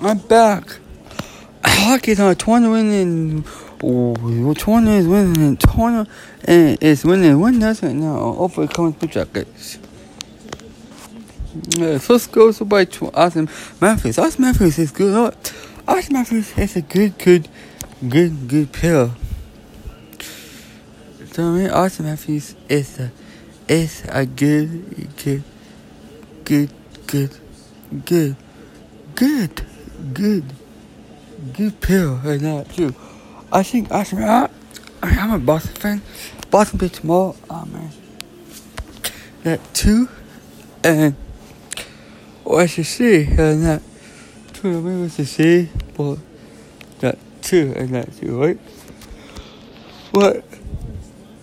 I'm back. Hockey's on 20 winning. Oh, 20 is winning. 20 is winning. One nothing now. Over comes Blue Jackets. Yeah, first goal so by Austin Matthews. Austin Matthews is good. Austin Matthews is a good, good, good, good player. So I mean, Austin Matthews is a, is a good, good, good, good, good. good, good, good player right now too. I think Arsenal. I, I mean, I'm a Boston fan. Boston beats more. Oh man, that two and OSC and that two. I mean, OSC, but that two and that two, right? What?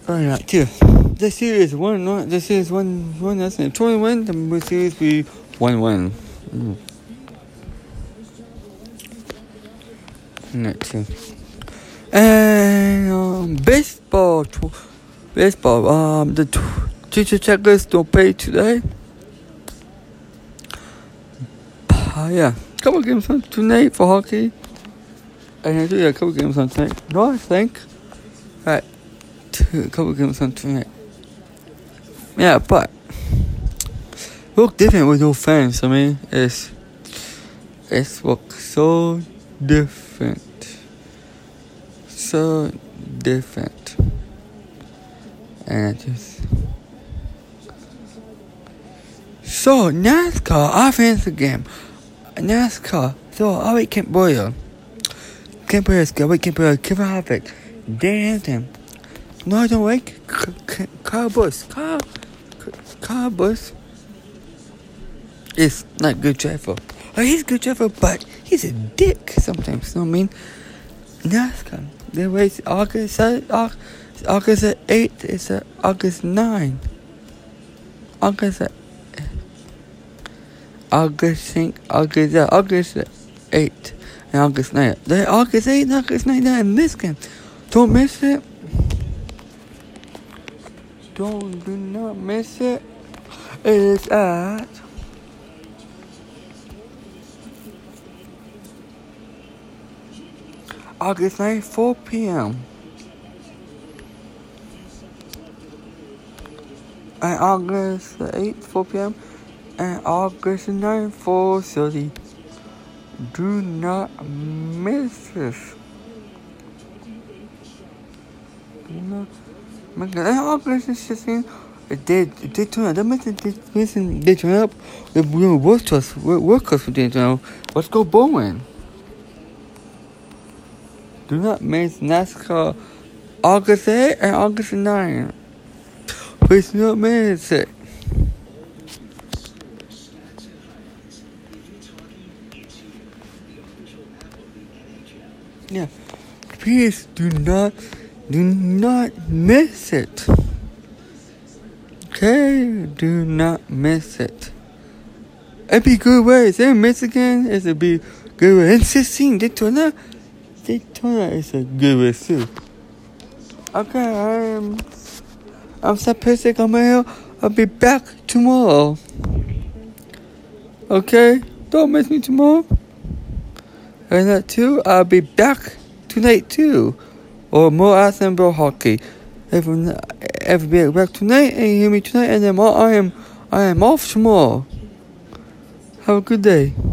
Or not two. This series one. This series one. One. That's it. Twenty-one. The series we one one. Mm. Not too. And um, baseball, baseball. Um, teacher checklist don't pay today. Uh, yeah, couple games on tonight for hockey. And I think. All right, two tonight. Yeah, but look different with no fans. I mean, it's it's so different. So different. And I just. So NASCAR offensive game. NASCAR. So Ari Kent Boyer. Kent Boyer, Ari Kent Boyer, Kevin Harvick, Dan Anthem, Northern Wake, Car Bush, Car, Car Bush. It's not good travel. Like he's a good driver, but he's a dick sometimes. You know what I mean? NASCAR. They race August August August eighth. It's August 9. August August think August uh, August eighth and August 9th. They August 8th and August 9th in Michigan. Don't miss it. Don't do not miss it. It is at August 9th, 4 p.m. And August 8th, 4 p.m. And August 9th, 4.30. Do not miss this. Do not miss this. And August 16th, they, they turn up. That means they, they, they turn up. We're, we're workers. We're workers. Let's go bowling. do not miss NASCAR August 8 and August 9. Please do not miss it. Yeah. Please do not do not miss it. Okay, do not miss it. It'd be good way. It's in Michigan. It'd be good way. And 16, Daytona. Daytona is a good zoo. Okay, I'm um, I'm supposed to come I'll be back tomorrow. Okay, don't miss me tomorrow. And that too, I'll be back tonight too, or more Assemble hockey. If everybody back tonight and hear me tonight, and I am off tomorrow. Have a good day.